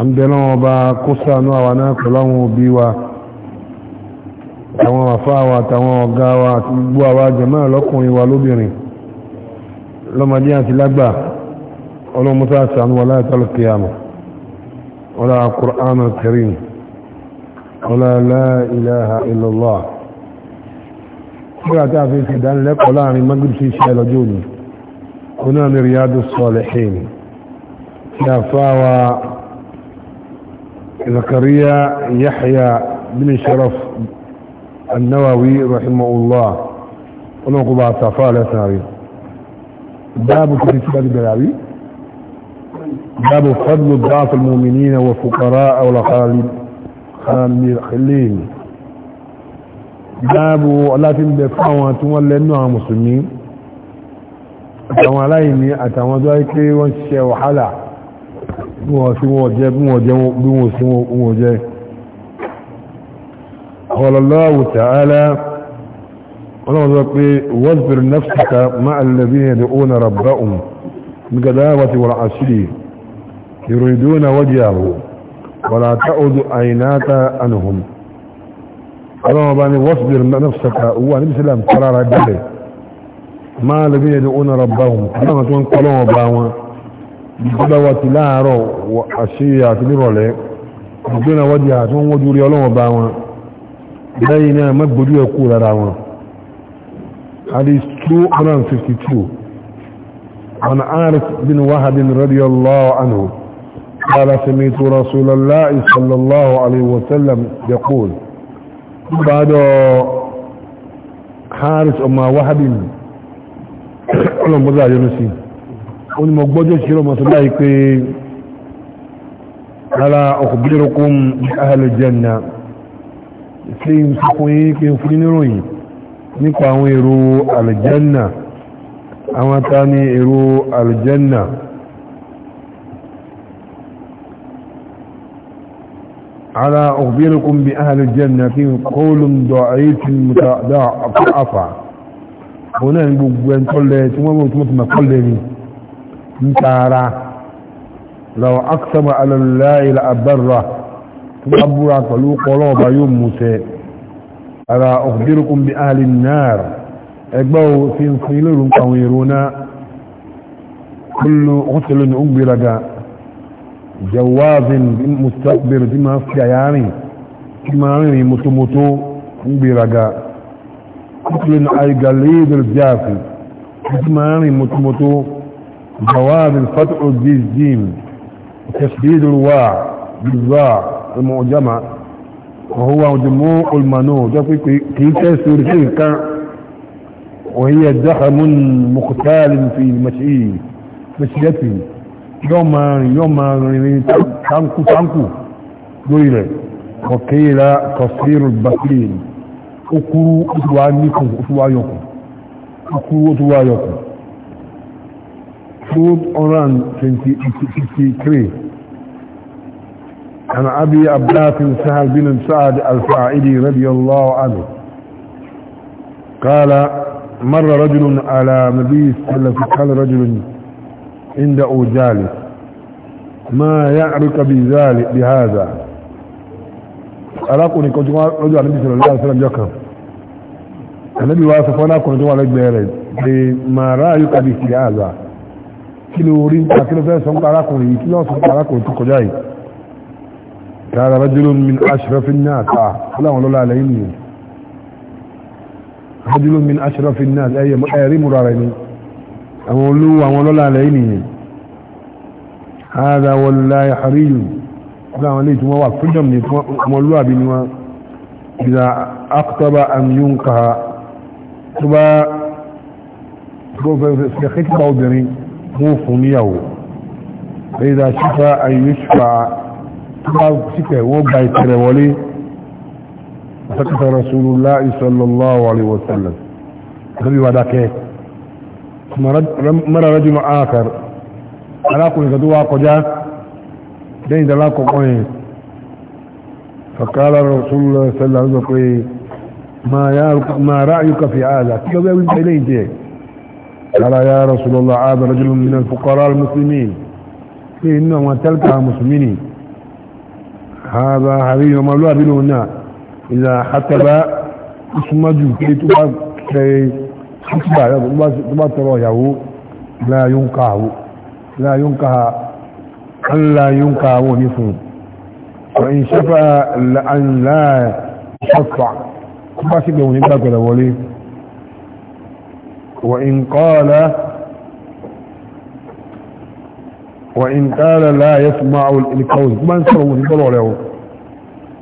àmdẹ́nà ọba kó sànú àwọn náà pẹ̀lú àwọn òbí wa àwọn àfáàwà àtàwọn ọ̀gá wa àti gbogbo àwa jẹ̀mọ́ lọ́kùnrin wa lóbìnrin lọ́mọdé àti lágbà ọlọ́mọta sànú wa láti tọ́lọ̀kì àmà ọlá Qur'an al-Karim ọlá la ilaha illallah nígbà tí a fi ṣe ìdánilẹ́kọ̀ọ́ láàrin magrib sí iṣẹ́ lọ́jọ́ òní ni Riyadus Salihin ti àfáàwà زكريا يحيى بن شرف النووي رحمه الله ولو عصافة على سنعري باب كتب البلاوي باب فضل ضعف المؤمنين والفقراء والخالين báàbù aláfin باب fún àwọn tí wọ́n lẹ́nu àwọn mùsùlùmí àtàwọn aláìní bí wọ́n sí wọ́n jẹ́ bí wọ́n jẹ́ bí wọ́n sí wọ́n jẹ́ ọlọ́lọ́wọ́ tààlá ọlọ́wọ́ sọ pé wọ́sbìr náfsìka máa lẹ́bí ẹ̀dẹ̀ ọ́nà rabba'un gadáwàtí wọ́n àṣírí ìrìdónà wọ́díyàwó wọ́n àtàkùdù àìnáta anuhun ọlọ́wọ́ bá ní wọ́sbìr náfsìka wà níbi sílẹ̀ tààrà bẹ̀rẹ̀ máa lẹ́bí ẹ̀dẹ̀ ọ́nà rabba'un gbọ́dọ̀wọ́tí láàárọ̀ àṣírí àti nírọ̀lẹ́ ìgbéna wọ́dí àti wọ́n wọ́dí orí ọlọ́wọ́ bá wọn lẹ́yìn náà mẹ́gbòdú ẹ̀kú lára wọn hadith 252 عن عارف بن وهب رضي الله عنه قال سميت رسول الله صلى الله عليه وسلم يقول بعد حارس أما وهب قلهم بذلك نسيه ó ní mo gbọ́jọ́ sí ọmọ tó báyìí pé rárá ọkùnbílẹ̀rọ̀kún ahàlẹ̀ jẹ́nà sí ń sọ fún yí pé fún níròyìn nípa àwọn èrò aljanna àwọn ta ní èrò aljanna على أخبركم بأهل الجنة قول ضعيف متضاعف هنا نقول أن كل ثم ثم ثم ntaara law aqsama ala allahi la abarra tubabura pẹ̀lú kọlọ ba yóò musẹ ara ukhbirukum bi ahli an-nar ẹgbẹ́ o fi ń fún ilé ìrùnkà àwọn èrò náà kullu ghuslu ni ó gbéra ga tí máa fi àyárin tí máa rìnrìn mọ́tòmọ́tò ń gbéra ga àìgàlẹ́ جواب الفتح بالجيم وتشديد الواع بالواع المعجمة وهو جموع المنو كيف كان وهي دحم مقتال في المشي مشيته يوم يوم تانكو تانكو دويلة وقيل تصير البطين أكو أتوا نيكو يوكو أكو أتوا يوكو 53 عن أبي عباس سهل بن سعد الفاعلي رضي الله عنه قال مر رجل على نبي صلى الله عليه وسلم رجل عند جالس ما يعرك بذلك بهذا ألاقوني كنت رجل على النبي صلى الله عليه وسلم يكرم النبي واسف أنا كنت على ما رأيك بهذا kí ló rí nípa kí ló fẹ́ sọ parákùnrin yìí kí ló sọ parákùnrin tó kọjá yìí bá rajulun mi aṣìrọ́fin náà à láwọn lọ́la alẹ́ yìí nìyẹn rajulun min ashrafin nas ẹ̀rí múra rẹ̀ ni àwọn olówó àwọn lọ́la alẹ́ ni nìyẹn wọn والله حري لا وليت ما وفدم لي مولوا بنوا اذا اقتب ان mú fún níyàwó ẹ̀dà ṣífà àyíṣfà tíwá síkẹ̀ wọ́n gba ìtẹ̀rẹ̀ wọlé àtàkàtà rasulullah sallallahu alaihi wasallam rabi wa dákẹ́ mara rajù ma ákàr alákùnrin tó wá kọjá lẹ́yìn da lákọ̀ọ́kọ́ yẹn فقال رسول الله صلى الله عليه وسلم ما رأيك في هذا كيف يقول إليه قال يا رسول الله هذا رجل من الفقراء المسلمين في إنما تلقى مسلمين هذا حبيب مولوى بلونا إذا حتب اسمجو كي تبقى كي تبقى ترويه لا ينقعه لا ينقع أن لا ينقع ونفه وإن شفى أن لا يشفع كما سيبه ونبقى كده وإن قال وإن قال لا يسمع القول ما انسروا يقولوا له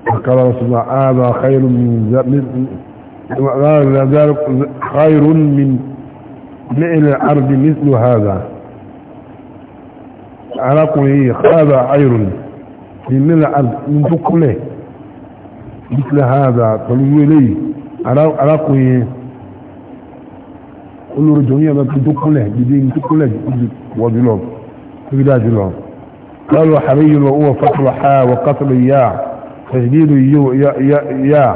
فقال رسول الله هذا خير من ذلك خير من مئل الأرض مثل هذا أراكم هذا خير من مئل الأرض من فكله مثل هذا فلو لي أراكم olórí jọ ní ẹ̀rọ tó kúnlẹ̀ dídé tó kúnlẹ̀ wọ́jú lọ tó bí dájú lọ قالوا حري وهو فتح حا وقتل ياء تجديد ياء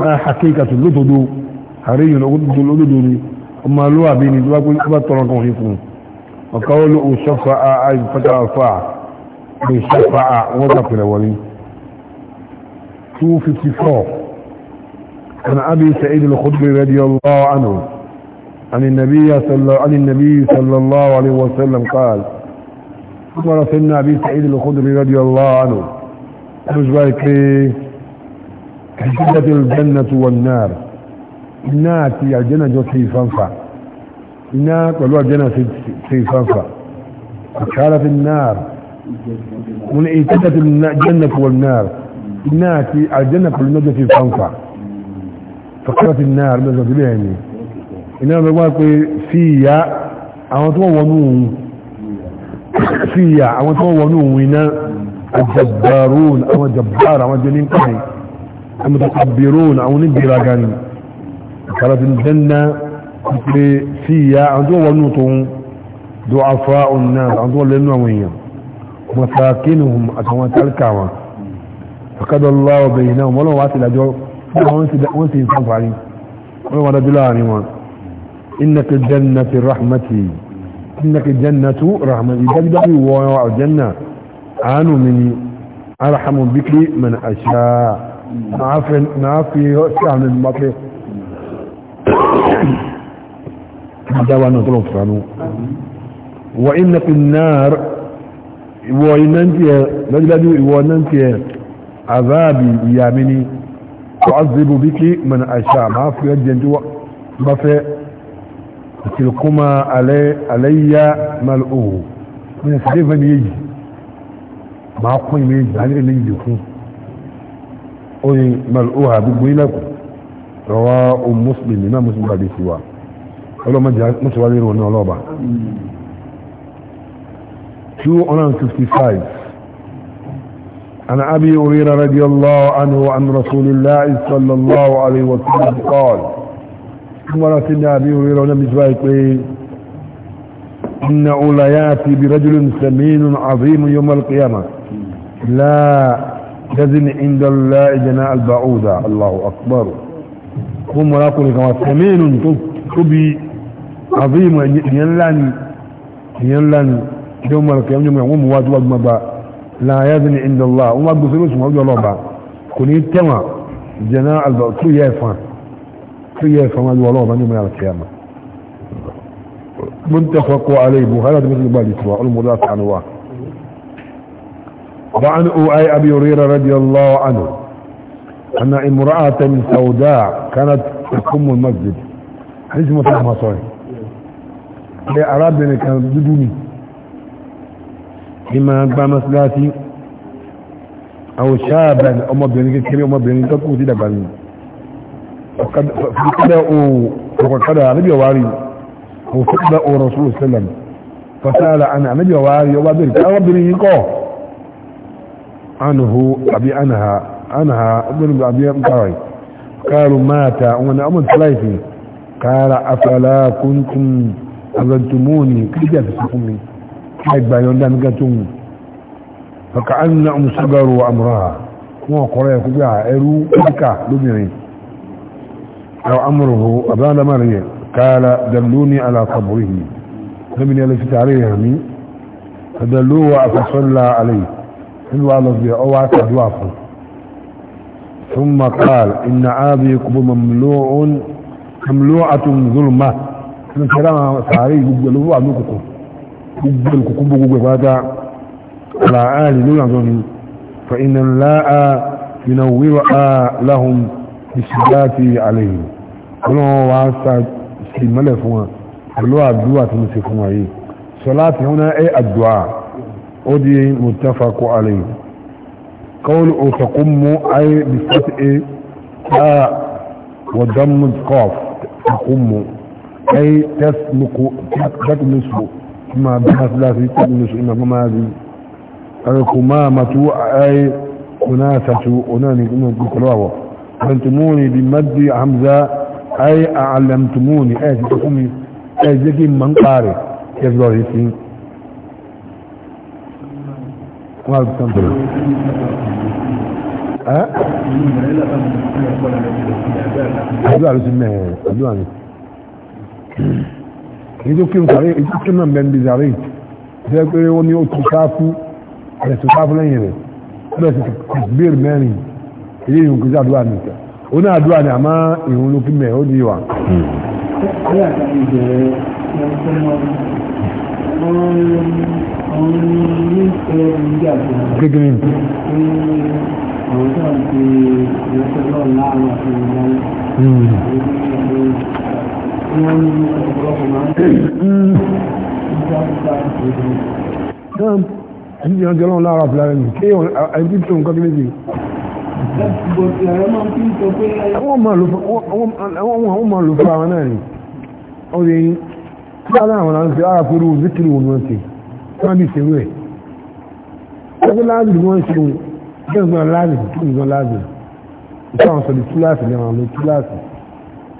ما حقيقة اللطد حري وقتل اللطد وما لوا بيني دواك ويقبط طرقهم يكون وقولوا شفع أي فتح الفاع شفع وضق الأولين 254 عن أبي سعيد الخدري رضي الله عنه عن النبي صلى عن النبي صلى الله عليه وسلم قال ثم سيدنا ابي سعيد الخدري رضي الله عنه اجبرك حجبت الجنة والنار الناس يا الجنة جو سيفانفا الناس النار جنة الجنة في النار من ايتدت الجنة والنار الناس يا الجنة كل نجة سيفانفا فنفع النار ماذا تبيعني iná ló wá pé sí ìyá àwọn tó wọnú òun sí ìyá àwọn tó wọnú òun iná àjàbàrún àwọn jàbàrún àwọn jẹ́ ní pàì àmìtàkàbìrún àwọn oníbìraga ni ìkàràtún jẹ́nà pé sí ìyá àwọn tó wọnú tóun dọ́afá òun náà àwọn tó lẹ́nu àwọn èèyàn masakinuhum àtàwọn tálkàwọn fakadọ́lá ọbẹ̀ ìnáwọn mọ́lọ́wọ́ àti ìdájọ́ wọ́n sì ń sàǹfààní wọ́n wọ́n dájú láàrin wọn إنك الجنة رحمتي إنك الجنة رحمتي دقدقي وجنة عانوا مني أرحم بك من أشاء نعفي نعفي سعن المطل دوانا طلب سعنو وإنك النار وإننتي دقدقي وإنك عذابي يامني تعذب بك من أشاء ما في الجنة ما في تلكما علي علي ملؤه من سيف ميج ما يعني كون ميج بعد اللي يجيكم أي ملؤها بقولك روا مسلم ما مسلم هذه سوا ولا ما جاء مسوا لي رونا لوبا 255 أنا أبي أريد رضي الله عنه أن رسول الله صلى الله عليه وسلم قال مرة النبي ويرون مزوايك إنه ان اولياتي برجل سمين عظيم يوم القيامة لا تزن عند الله جناء البعوضة الله أكبر هم راقل كما سمين تبي عظيم ينلن ينلن يوم القيامة يوم يوم واجب المبا لا يزن عند الله وما قصر اسمه الله با كنت كما جناء البعوضة يفان فيها فما الولوه من يوم القيامة متفق عليه هذا مثل بالإسواء المضاف عن واحد وعن أوعي أبي هريرة رضي الله عنه أن امرأة سوداء كانت تقوم المسجد حديث مطلع صحيح هي أرادني يعني كانت بدوني إما أنت مسلاتي أو شابا أمبيني كبير أمبيني تقوتي لبني وقد نبي واري وصدق رسول الله فسأل عن نبي واري وبدرك أربني يقو عنه أبي عنها عنها ابن أبي مطاري قالوا مات وانا أمن ثلاثي قال أفلا كنتم أذنتموني كيف تسكمي كيف بايون دان قتم فكأنهم صبروا أمرها kuma kwarai ku ga eru duka lumirin أو أمره أبان مريم قال دلوني على قبره لمن يلفت عليه يعني فدلوه فصلى عليه حلو على الضياء أو عسى ثم قال إن عابي قبو مملوع مملوعة ظلمة من كلام سعري قبلوه عميككم قبلكم قبو قبو على آل نوع فإن الله ينور لهم bisimilati alayhi ọlọ́run wa sa sí mọ́lẹ̀ fún wa pẹ̀lú àdúrà tó ń ṣe fún wa yìí sọláàtì wọn náà ẹ àdúrà ó di mutafaqu alayhi kọ́wọ́lù òṣàkó mú ayé bisimilati ẹ tára wọ̀dánmù kọ́f àkó mú ayé tẹ́sìmùkú ma bí masalasi tẹ́sìmùkú ma bí masalasi ẹ̀rọ kò máa matu ayé kò náà sàtú ọ̀nà ní kúlọ̀ àwọ̀ علمتموني بمد حمزة أي أعلمتموني أي تقومي أي ذكي من قاري يفضل يسين وهذا تنظر ها؟ ها ها ها ها ها ها ها ها ها ها من ها ها ذاك ها يوم ها على ها لين بس ها ماني ilé ìhùn kìí àdúrà mi tẹ̀ ó ní àdúrà ni àmọ́ ìhùn ló kí mẹ́ ó di wà. kékeré náà ẹni tí wọ́n jẹ́ lọ́wọ́ láàárọ̀ àti láàárọ̀ ẹni tí wọ́n kọ́ kí méjì àwọn ọmọ olùfà àwọn náà ni ọdún yìí tí a láwọn àwọn àti ara pẹ̀lú zikiri wọn mọ́tí wọ́n bí ṣe rẹ̀ ẹgbẹ́ láàrín wọ́n ṣe gbẹ̀gbọ́n láàrín tó nìkan láàrín ìtàwọn sọ̀rọ̀ túláàsì ní àwọn túláàsì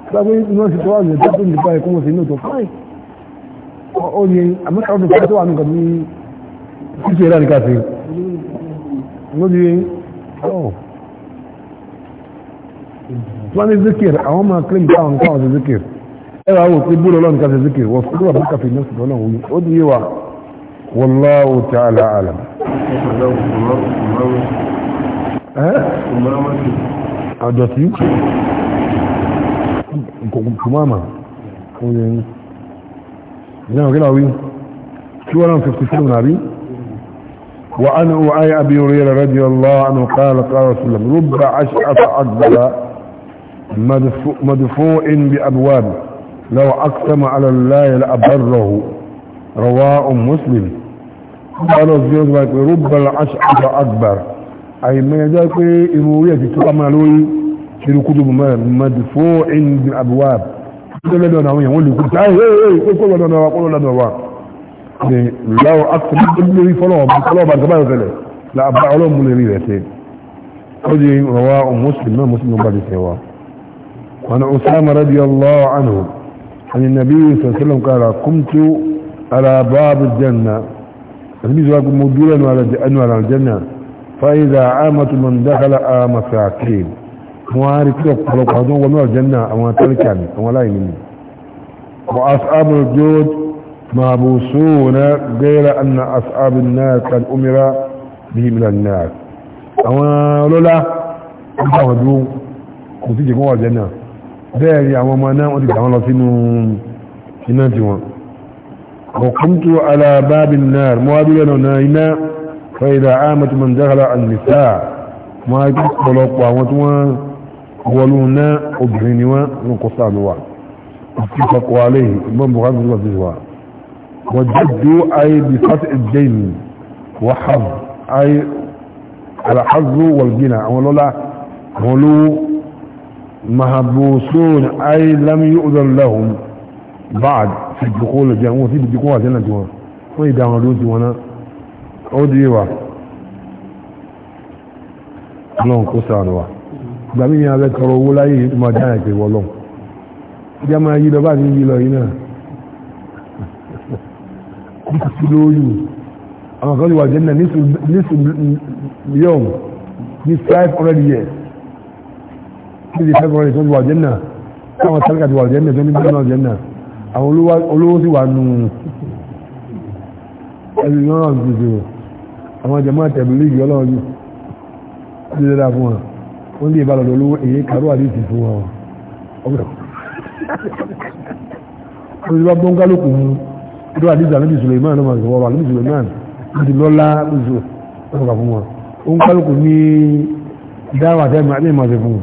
gbogbo wọ́n ṣe tọ́wà ní ẹjọ́ tó nípa ẹ̀kọ́ wọn sí inú tó fáì ó ní àmọ́ta ọdún tó wà nǹkan ní ṣíṣe rẹ̀ nìkan sí lóbi ọ̀ tí wọ́n ní zikir àwọn máa kílìm táwọn nǹkan ọ̀sẹ̀ zikir ẹ wàá wò pé búrò lọ́nà kan ṣe zikir wọ́n fún bàbá kàfé ní ọ̀sẹ̀ lọ́nà òun ó di yíwa wallahu ta'ala alam. àdọ̀tí kùmáàmà oye ìyá òkè náà wí two hundred and fifty seven àbí. وعن أبي هريرة رضي الله عنه قال قال رسول الله مدفوع بأبواب لو أقسم على الله لأبره رواء مسلم قالوا الزيوز بك رب العشق أكبر أي ما يجاك إروية تتعملوي في الكتب مدفوع بأبواب قالوا لنا نعوية ولي قلت هاي هاي هاي قلوا لنا وقلوا لنا وقلوا لو أقسم بالله فلوه فلوه بعد كبير وكله لأبعوا لهم من ريلتين قد رواء مسلم ما مسلم بعد سواه وعن أسامة رضي الله عنه عن النبي صلى الله عليه وسلم قال قمت على باب الجنة النبي صلى الله عليه وسلم موجودا على الجنة فإذا عامة من دخل آم ساكين موارد لقلق هدون ونوع الجنة أما تلكاني أما لا يمني وأصحاب الجود مابوسون غير أن أصحاب الناس قد أمر بهم إلى الناس أما لولا أنت هدون كنت جموع الجنة bẹ́ẹ̀ rí àwọn ọmọ náà wọ́n ti gbà wọ́n lọ sínú iná tí wọ́n ọkùntù alábábin náà mọ́wàbílẹ̀ náà iná fẹ́ìdà ámàtí mọ̀ jákàlá alìsá wọ́n á kí pọ̀lọpọ̀ àwọn tí wọ́n wọlú náà obìnrin ni wọ́n ń kó sàlùwà àti kọkọ̀ محبوسون أي لم يؤذن لهم بعد في الدخول الجنة وفي الدخول الجنة جوا وإذا هدوتي وانا أودي وا لون كسان وا gbàmí ni a fẹ́ tọrọ owó láyé tó máa dáhà ìpè wọlọ́n ìjà máa yí lọ bá ní yí lọ yìí náà kò sí lóyún àwọn kan ti wà jẹ́ náà ní sùn yọ̀m ní five hundred years níbi february tó ti wà jẹ́nà káwọn tálíkà ti wà jẹ́nà tó ní bí náà jẹ́nà àwọn olówó sì wà nù ẹbí náà ti dìbò àwọn jẹmọ́ àtẹ̀bí líìgì ọlọ́run jù ti dẹ́dà fún wa wọ́n lè bá lọ́dọ̀ olówó èyí kàró àdìsí fún wa ọ̀gbẹ̀ olùdíbà bọ́ńgálòkù mú ìdó àdìsí àlọ́bì suleiman náà máa sọ̀rọ̀ àlọ́bì suleiman ti lọ́lá lóṣù ọ̀gbà fún wa ó ń kálòkù ní dáhùn àtẹ́mọ̀ àti ìmọ̀ àti fún wa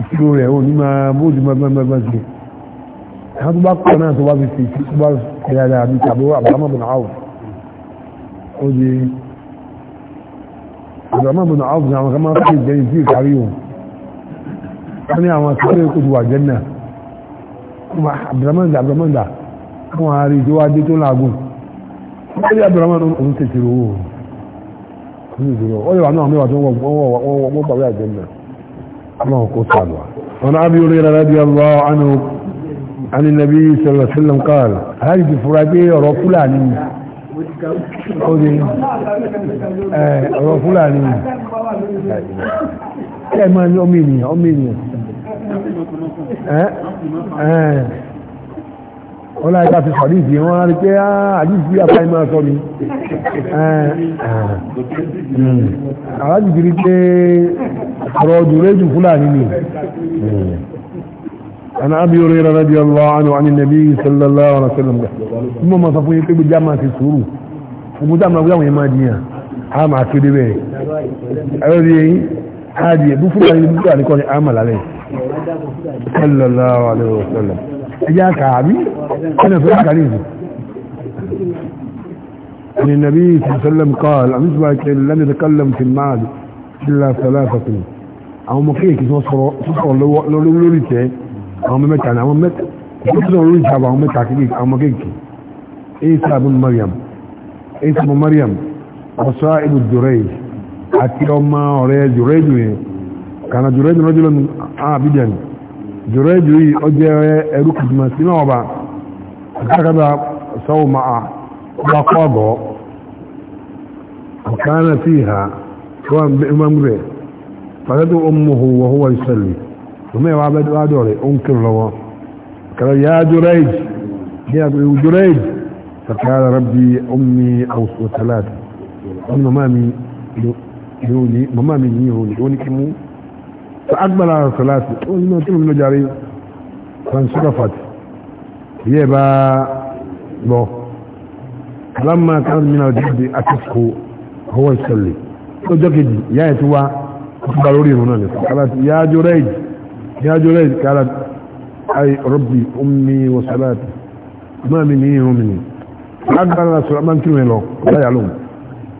ìṣirò rẹ̀ ò ní máa bóòdù mọ́gbọ́nmọ́gbọ́n sí àwọn tó bá kọ́ náà tó bá fi fi tó bá fi dáadáa àbí tàbí Abdurrahman bin Awf ó di Abdurrahman bin Awf ní àwọn kan máa fi jẹ́ ìdí ìkárí òun wọ́n ní àwọn akẹ́kọ̀ọ́ kò ti wà jẹ́ náà Abdurrahman dà Abdurrahman dà wọ́n á rí tó wá dé tó láàgùn wọ́n الله قصاده وعن أبي هريرة رضي الله عنه عن النبي صلى الله عليه وسلم قال هل بفرادية رفلاني عودي رفلاني كما أميني أميني wọ́n láyé ká fi sọ̀rí ìdí wọn á rí pé àdìsí àbáyé máa sọ mi alájìdí rí pé أراد رجل فلان عن أه. أبي هريرة رضي الله عنه عن النبي صلى الله عليه وسلم ثم ما صفوه يقول بالجامعة السرور ومدام لو جامعة ما ديها عام عكيد به هذه هذه بفرع المدام يقول عمل عليه صلى الله عليه وسلم أجاك عبي أنا في عليه عن النبي صلى الله عليه وسلم قال أمسبك لم يتكلم في المعاد إلا ثلاثة àwọn ọmọ kéèkì tó sọ̀rọ̀ lórí tẹ́ àwọn ọmọ mẹ́ta àwọn mẹ́ta tó sọ̀rọ̀ lórí ìjàbọ̀ àwọn mẹ́ta kéèkì àwọn kéèkì isa bin mariam isa bin mariam ọ̀sọ́ ibu jurej àti ọmọ ọ̀rẹ́ jureju yẹn kàna jureju lọ́jọ́ lọ́nu abijan jureju yìí ó jẹ́ ẹrú kìtìmọ̀ sí ìhà tó فندعو أمه وهو يصلي وما يعبد أدوري أنكر له قال يا جريج يا جريج فقال ربي أمي أو ثلاثة أمي مامي يوني مامي يوني يوني كمو فأقبل على ثلاثة وإنه تلو من جاري فانصرفت يبا بو لما كان من الجهد أتفقه هو يصلي وجكد يا يتوى ضروري هنالك قالت يا جريج يا جريج قالت أي ربي أمي وصلاتي ما مني ومني أقبل سليمان كلمة له لا يعلم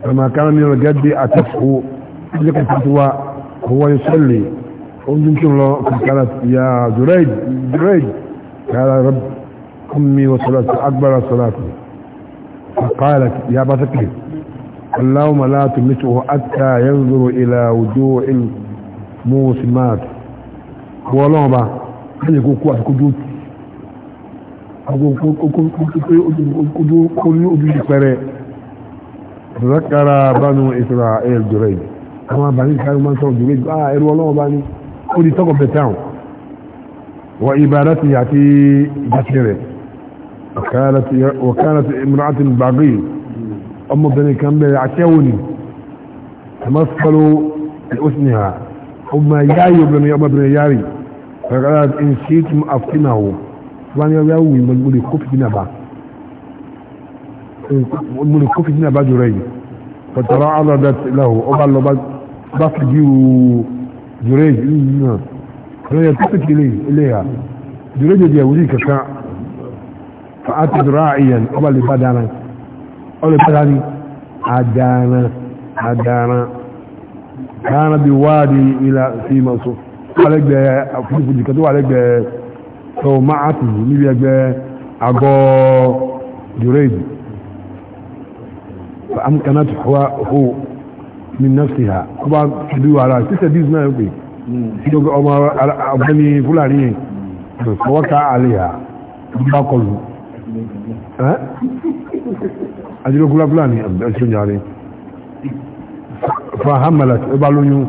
فما كان من الجد أتفه لك هو هو يصلي يمكن له قالت يا جريج جريج قال رب أمي وصلاتي أقبل صلاتي فقالت يا بثكي اللهم لا تمته حتى ينظر إلى وجوه الموسمات wọ́lọ́wọ́ bá ẹni kó kó àti kójú kó ní ojú ìpẹrẹ zakara banu israel durai àwọn àbáni ìsáyé máa ń sọ durai ah ẹrù ọlọ́wọ́ bá ní ó di talk of the town wa ibada ti àti ìdásí rẹ̀ wàkánà ti imra'atin baghi ọmọbìnrin kan bẹ̀rẹ̀ àtẹ́wò ni ẹ̀mọ́sọ́lọ́ ìhúsìnìhà ọmọ yáyì obìnrin ọmọbìnrin yáyì ọ̀rọ̀kọ́lá ìṣẹ́tùm àfínàwò wọ́n ni ọ̀rẹ́ wù mo lè kó fìdí nàbá jù rẹ̀ yìí pọ̀tàrà àlọ́dà ìlàwò ọba lọ bá fìdí jù rẹ̀ yìí náà rẹ̀ tó ọlọ́pàá ní àdáná àdáná dáná bí wáàdí ilá sí masu alẹ́gbẹ̀ afúnifúnjì kan tó wà lẹ́gbẹ̀ tó máa tù níbi ẹgbẹ́ àgọ́ jùrẹ́jì amkanat huwa hu min nafsiha ko ba bi wala ti se dis na yo pe ko ko ma abani fulani yin ko ka aliya ba ko eh ajilo kula fulani abisun yare fa hamalat ibalunyu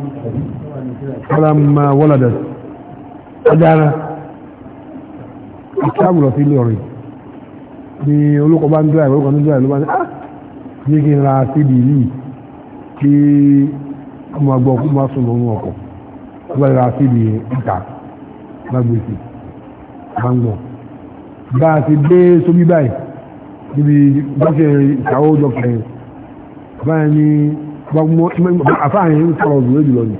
falamma waladat adara ìtàbù lọ sí ilé ọ̀rẹ́ ni olóko bá ń dúrà ìwọ́n kan ń dúrà ló bá ní ah ní kí n ra síbi yìí kí ọmọ agbọ́ kó má sùn lórí ọkọ̀ ló ra síbi ìta lágbèsè máa ń gbọ́ bá a ti dé sóbí báyìí níbi bọ́sẹ̀ ìkàwó dọ́kítà yẹn báyẹn ní àfáàyàn ń sọ̀rọ̀ òdùwé jùlọ ni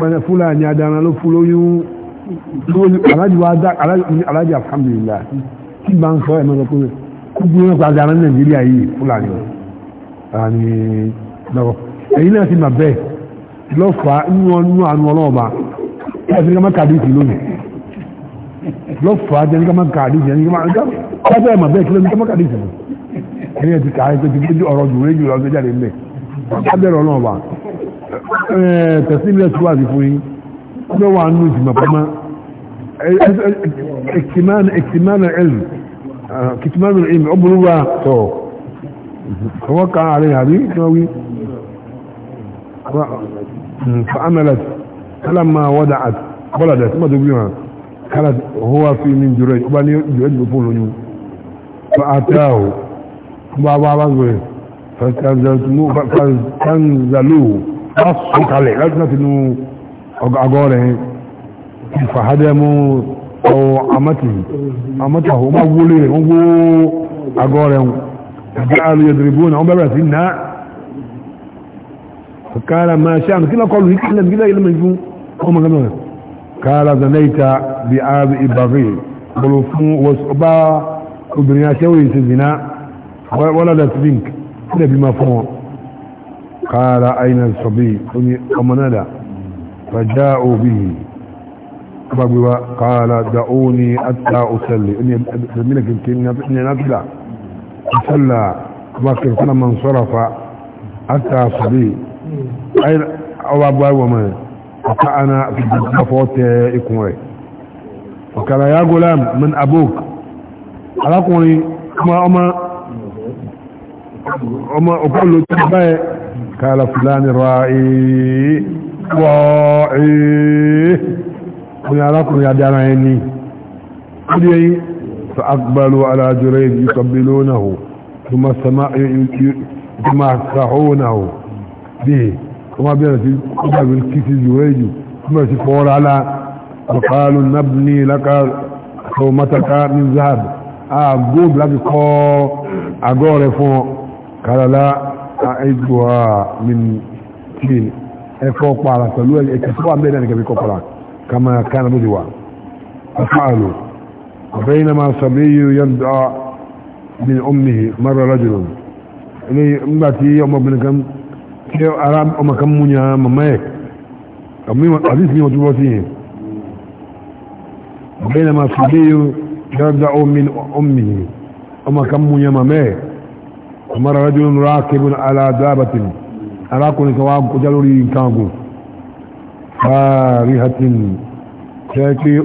báyẹn fúlàní adana ló fún lóyún alájì alhamdulillah kí bá ń sọ ẹ̀ mọ́tò pé gbogbo yẹn pa adana nàìjíríà yìí fúlàní àní lọ́wọ́ ẹ̀yìn náà ti mà bẹ́ẹ̀ lọ́fà nínú àánú ọlọ́ọ̀ba ẹ̀sìn ká má kàdé ìsìn lónìí lọ́fà jẹ́ ní ká má kàdé ìsìn ní ká má kàdé ọjọ́ ẹ̀mọ̀ bẹ́ẹ̀ kí ló ní kọ́mọ́ kàdé ìṣẹ̀lẹ̀ ẹni ẹ̀sìn kàá ẹ̀sìn kìí ọ̀rọ̀ jù rẹ́jù lọ gbẹ́jà lè mẹ́ abẹ́rẹ́ ọlọ́run wa tẹ̀sí ilé ẹ̀sùn wà sí fún yín ló wà nù ìjìmọ̀ pamọ́ ẹ̀kìmánà ẹ̀lù kìtìmánà ẹ̀lù ọ̀bùrún wa tọ̀ ọwọ́ kan ààrẹ àbí tí wọ́n wí فعملت فلما وضعت ولدت ما تقولها قالت هو في من جريج وبني جريج بفول نيو فأتاه بابا بابا فاستنزلوه أصحك عليه لا تنسى انه أقوله أو أمته أمته ما أقوله أقوله أقوله جعلوا يضربون هم بابا سنة فقال ما شأن كلا قالوا يكلم كلا يلم يجون هم قالوا قال زنيت بآب إبراهيم قالوا فون الدنيا شوي سيدنا ولا لا تبينك كده بما فهم قال اين الصبي امنا لا فجاءوا به قال دعوني اتى اصلي اني منك يمكن اني نبدا اسلى وكر كنا من صرف اتى صبي اين او ابو ابو ما فانا في الدفوت يكون وكان يا غلام من ابوك alákùnrin ọmọ ọmọ ọpọlọ tí ó báyẹ kààlà fìlàní ra èé wọ́ èé oní alákùnrin adára ẹni ó dí ẹyí fa agbálò alájọrẹ ìdí sọ̀bílò náà tó ma sama tó ma وقالوا نبني لك ثومتك من ذهب àgóòdù láti kọ́ àgọ́ rẹ̀ fún kàràlá àìgbòhà min clean ẹ̀fọ́ pààrà pẹ̀lú ẹ̀kẹ́ tó wà mẹ́rin nìkan kọ́ pààrà kama kánà lóde wà afáàlù بينما صبي يدعى من أمه مر رجل nígbà tí ọmọ obìnrin kan ṣe ara ọmọ kan mú yan mama ẹ̀ àbí ìsìn ìwọ̀n túbọ̀ sí yẹn bẹ́ẹ̀ ni a máa fi dé yóò يرضع من أمه أما كم يمامه أمر رجل راكب على دابة أراكم كواب كجلوري كانكو فارهة تأتي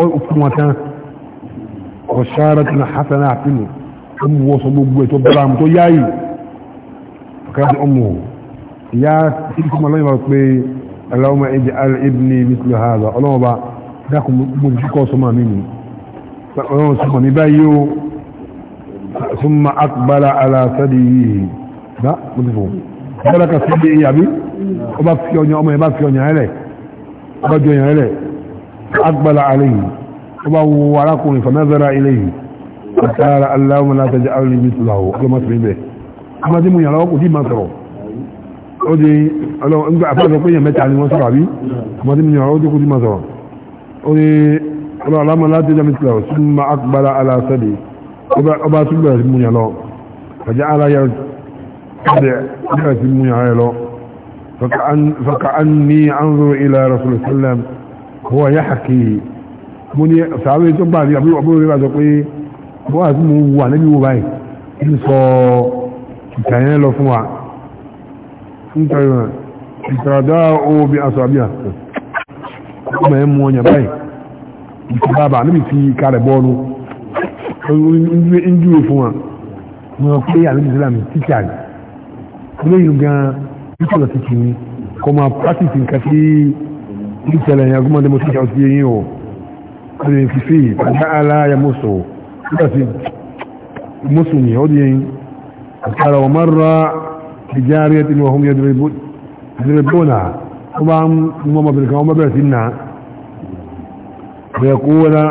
أفمتا وشارة حسنة أم وصبوب وتبرام تياي فكانت أمه يا سيكم الله يبقى اللهم اجعل ابني مثل هذا اللهم بقى داكم مجيكو سما مني ọ̀rọ̀ sọ̀kọ̀ ní báyìí ó ثم أقبل على ثديه لا مدفوع بلك ثديه يا بي ọba fi ọyàn ọmọ ẹ̀bá fi ọyàn ẹlẹ̀ ọba jọ ọyàn ẹlẹ̀ agbára àlẹ́yìn ọba wo arákùnrin fanazara ilẹ̀yìn àtàrà aláwọ̀mọ́lá tẹjẹ àrùn ní tùlàwọ̀ ọlọ́mọ́sílẹ̀ bẹ̀ ọmọdé mú yàrá ọkùnrin máa sọ̀rọ̀ ó di ọlọ́mọ́sílẹ̀ pé yàn mẹ́ta ni wọ́n sọ̀rọ̀ àbí ọmọdé mú ọlọ́ aláma láti jẹ́ mítìlá súnmọ́ akbara alásẹ́dì ọba tún bẹ̀rẹ̀ sí múyàn lọ ọjà aláyà bẹ̀rẹ̀ sí múyàn rẹ̀ lọ فكأني أنظر إلى رسول الله صلى الله عليه وسلم هو يحكي mo ní sàárè tó bá rí àbúrò rí bá sọ pé bó àti mo wà níbi wo báyìí ń sọ òbí aṣọ ọmọ ẹ̀ ọyàn báyìí ìtìbábà níbi fi kárẹ̀ bọ́ọ̀lù ń júwe fún wa wọn pé àlejò ìsìlámù tíṣà ní olóyìn gan títí lọ sí kìíní kọ máa pàtìsì nǹkan sí ìṣẹ̀lẹ̀ yẹn agbọ́n dẹ́mọ tíṣà sí eyín o ọdún yẹn fífi ìpàdé aláya mọ́sọ̀ nígbà tí mọ́sọ̀ ní ọdún yẹn àtàrà wọn máa ra ìjáre tí wọn yẹn dẹrẹ bọ́ọ̀nà wọn bá ń mú ọmọbìnrin kan wọn bá bẹ̀rẹ̀ sí náà ويقول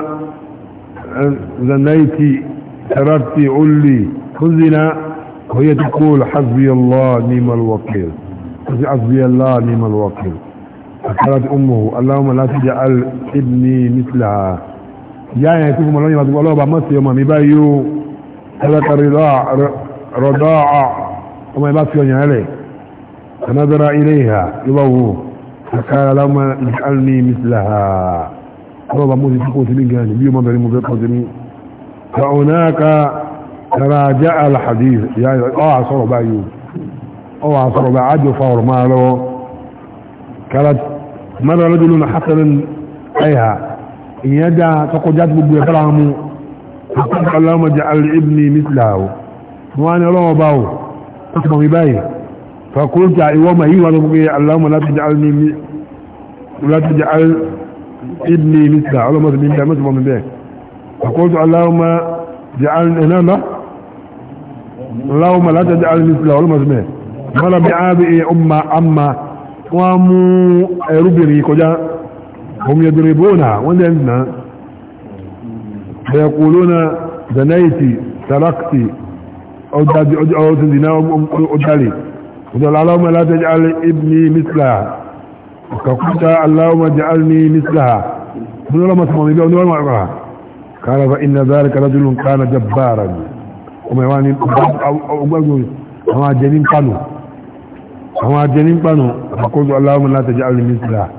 زنيت شربت علي خزنا وهي تقول حسبي الله نعم الوكيل حسبي الله نعم الوكيل فقالت امه اللهم لا تجعل ابني مثلها يعني يكون ملوني مدعو الله بمس يوم مبايو تلك الرضاع رضاع وما يباس يوني عليه فنظر اليها يبوه فقال اللهم اجعلني مثلها ربا موسي تقول سمين قال بيوم بري مبقى سمين فهناك تراجع الحديث يعني اوعى صروا بقى يوم اوعى صروا بقى عدوا فور ماله كانت مر رجل حسن ايها يدع تقجات ببيكرامه فقال اللهم اجعل ابني مثله وانا لو باو اسمه باي فقلت ايوه ما هي وانا اللهم لا تجعلني لا تجعل Ibni misla. على مدى من kakuta allahumma ja'alni mislaha mun wala masmami bi wala ma'ra kana fa inna dhalika rajulun kana jabbaran kuma wani ogbago ama jenin panu ama jenin panu kakuta allahumma la taj'alni mislaha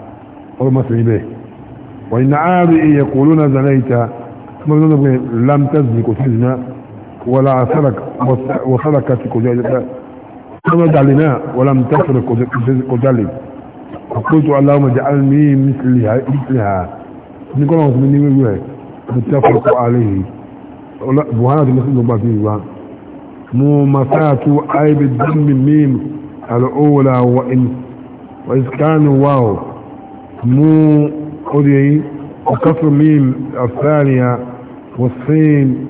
wala masmami bi wa inna abi yaquluna zalaita mun lam taznik usna ولا عثرك وصلكت كجالنا ولم تفرق كجالك فقلت اللهم اجعلني مثلها مثلها نقول لهم من نيوي متفق عليه وهذا المسلم ما فيه ممسات اي بالضم الميم الاولى وان واذ كانوا واو مو قدي وكسر ميم الثانيه والصين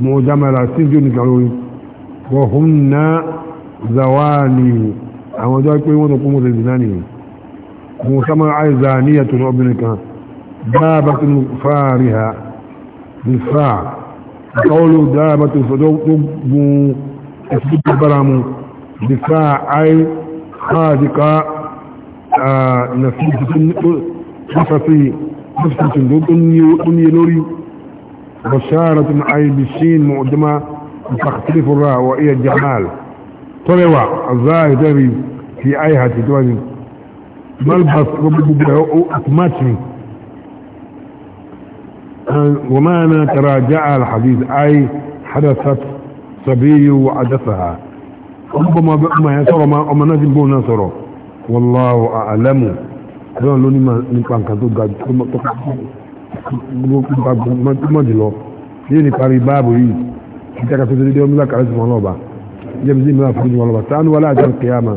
مجملة سجن قالوا وهن زواني أما جاء يقول وضع قومة الزناني موسما عاي زانية ربنك دابة فارها بالفاع قولوا دابة فدوتم اثبت برام بالفاع اي خادقة آه نفيسة نفسي نفسي نفسي نوري بشارة اي بالشين مقدمة تختلف الراء وإيا الجمال طلوا الظاهر في اي تتوازن ملبس وما ومعنى تراجع الحديث أي حدثت صبي وحدثها ربما ما يسر ما أما نازل بو نصر والله أعلم أنا لوني ما نكان كتو قد ما دلو يني قري بابو يي كتاك تدري ديوم لك عزم الله با يمزي ما فرج والله تان ولا أجل قيامه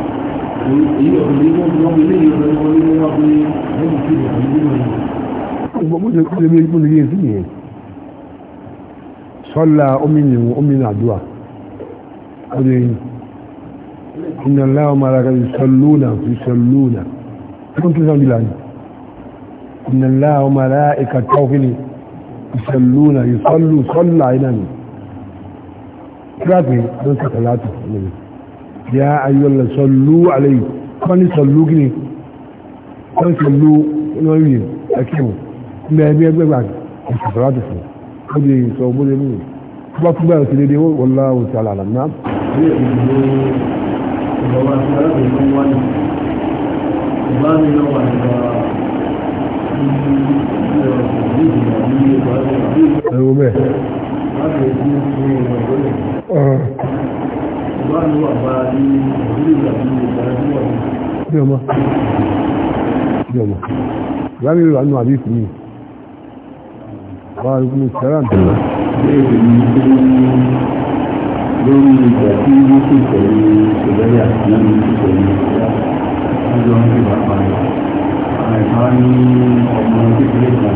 gbogbo ṣe lébi ikú nìyí sí yẹn sọ́la omi nìyí omi nà àdúrà ọdún yìí iná láwọn mara ka ti sọlúnà fi sọlúnà ẹkùn tó sọ́jú láàyè iná láwọn mara ìka tọ́fìlì sọlúnà yìí sọ́lù sọ́lù àìnà ni kíláàpì ló ń sọ̀tà látọ̀ يا أيها الله صلوا عليه كوني صلوا كني كوني صلوا نوين أكيمو ما يبي يبي بعد الصلاة فيه بدي يصوم بدي يمين ما تبغى تدري والله تعالى على نعم أيوة Jọmọ. Jọmọ. Ìyá mi rà nù àbí ìfún mi. Àwọn arúgbó sẹ́rà ń tẹ̀lé. Béèrè mi pé lórí ìgbà tí ó kù pẹ̀lú ìṣẹ̀lẹ̀ àti lórí ìṣẹ̀lẹ̀ ìṣẹ̀lẹ̀ ọjọ́ ń fi bàbá rẹ̀. Àìsàn ní ọmọ kékeré kan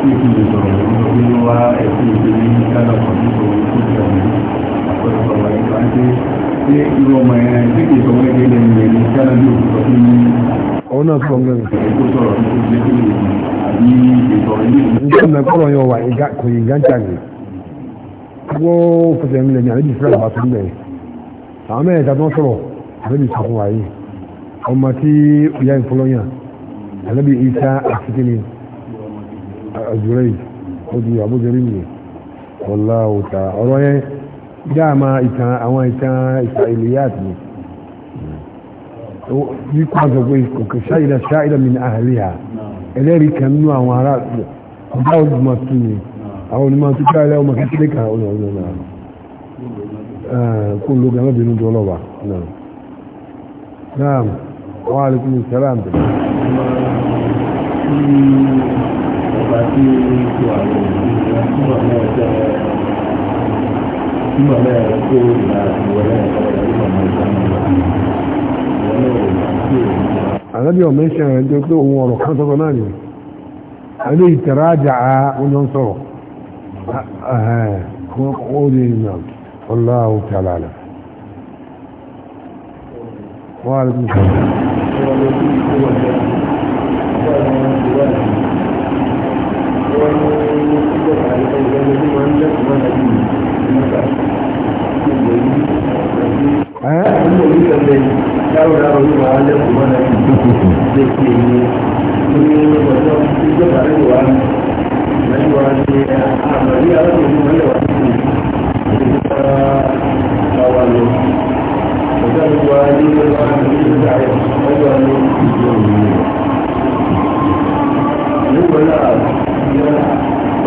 tí kì í sọ̀rọ̀ lórí wá ẹ̀sìn ìṣẹ̀lẹ̀ ní Kánà kan nípa orí tó ṣẹlẹ̀ àpẹẹrẹ pàdé pé irú ọmọ ẹ̀ tí kì í sọ wọ́n gẹ́gẹ́ ní ẹni kára ní òkúta tó ní. ọ̀hún náà sọ mẹ́rin. ètò sọ̀rọ̀ tó ti lé kílè àbí ètò ilé ìlú. nígbà náà kọ́rọ̀ yọ wà kò yí gáńtà ni wọ́n fẹsẹ̀ ńlẹ̀ ní àlejò fúlẹ̀ àbá tó ń bẹ̀rẹ̀ àwọn mẹ́rin ìta tó ń sọ̀rọ̀ àlejò sọ fún wa yìí ọmọ tí ìyá ìfọlọ́yàn àlejò ìta àti àjùrẹ́ yìí ó di àbójẹ́rì nìyẹn wọ́n láwùta ọ̀rọ̀ yẹn dáàmà ìtàn àwọn ìtàn israeliyat ni bí kò sọ pé kòkè ṣáìdà ṣáìdà mi ní àhàlíyà ẹlẹ́rìí kan nínú àwọn ará ọba ọdúnmọ̀ tó ni àwọn onímọ̀ tó káyọ̀ lẹ́wọ̀n kí kílé kan ọ̀nà ọ̀nà náà kó ló gan lọ́bìnrin tó lọ́wọ́ náà náà wọ́n kuma na ya ko na wani àlábí ọmọ iṣẹ́ rẹ̀ jẹ́ pé ohun ọ̀rọ̀ kan sọ́kọ̀ náà ni alé ìtẹ̀rájà oúnjẹ ń sọ̀rọ̀ ó lè nà Allahu ta'ala àlà wọ́n á rí kí n sọ̀rọ̀ Thank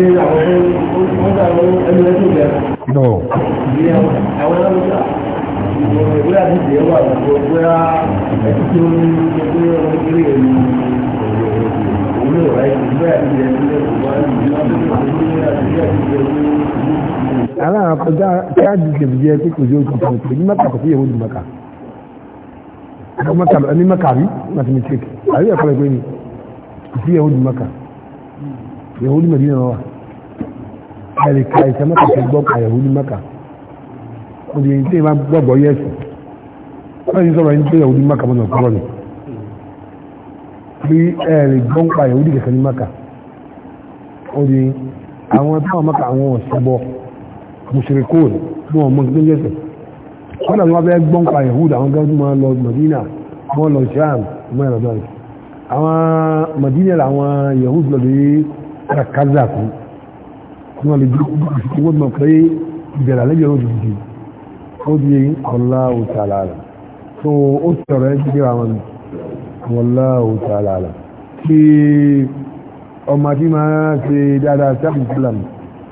pé àwọn ọ̀dà ẹni ẹni ìgbà. No. Àwọn ọ̀dà ìwé àdìsí ẹwà àgbàgbọ́ bóyá ẹni tí ó ń ṣe pé ọmọ kékeré rẹ̀ ni òun lè wáyé ìwé àdìsí ẹni tí ó wà ní ìlú àwọn akọjá káàdì ìjẹ̀bù jẹ́ pé kò sí oṣù tó ṣe ní mẹ́ta kò sí ìyẹ̀wò ìdìmọ̀ká ní mẹ́ka rí mathematics àríyànfọ́lẹ́gbẹ́ ni kò sí ìyẹ̀wò ìdìmọ̀ká ìyẹ̀wò ìdìmọ̀dínà wà ẹ̀rì ka ìṣẹ́ mẹ́ta ti gbọ́ pa ẹ̀hún ní mẹ́ka òdì èyí tí ìmá gbọ́gbọ́ yẹ́sù wọ́n ti sọ̀rọ̀ ẹni tó ẹ̀hún ní mẹ́ka mọ́nà kúrọ̀ ni bí ẹ̀rì gbọ́ pa ẹ̀hún ní kẹ̀kẹ́ ní mẹ́ka òdì àwọn táwọn mẹ́ka àwọn ọ̀ṣẹ́bọ mùsùlùkóòlù tí wọ́n mọ́ ní yẹ́sù wọ́n náà wọ́n fẹ́ gbọ́ pa ẹ̀hún àwọn gẹ́gẹ́ máa lọ Madina wọ́n lọ sham mọ́ ẹ̀rọ àwọn Madina làwọn yahoo lọ bí rakaza kù kuma le ju ko ma pé bẹ̀rẹ̀ alẹ́ yọrọ dìde ó di Allahu ta'ala la so ó sọ̀rọ̀ ẹ́ jíjẹ́ àwọn Allahu ta'ala la kí ọmọ tí máa ṣe dáadáa sábì islam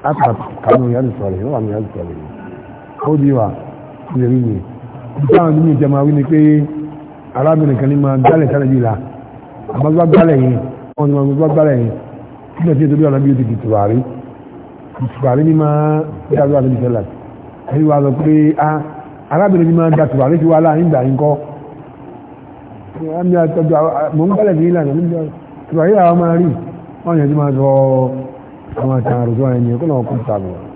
apá kanú yàrá sọ̀rọ̀ yìí wà ní yàrá sọ̀rọ̀ yìí ó di wa lè rí mi ìtàn nínú ìjẹma wí ni pé arábìnrin kan ní máa gbálẹ̀ sáré yìí la àbágbá gbálẹ̀ yìí wọ́n ti máa gbálẹ̀ yìí kí ni ọ̀sẹ̀ tó bí ọ̀nà bí ó ti dìtò àárín tùbàrí ní máa dájú àlejò sẹ́lá ẹni wà lọ pé arábìnrin ní máa da tùbàrí sí wa láàrin ìgbà yín kọ́ mo ń bẹ̀rẹ̀ ní ìlànà tùbàrí làwọn máa rí wọ́n yẹn ti máa sọ àwọn àtàrà àròsọ ẹni ẹ̀kọ́ náà kó sàbọ̀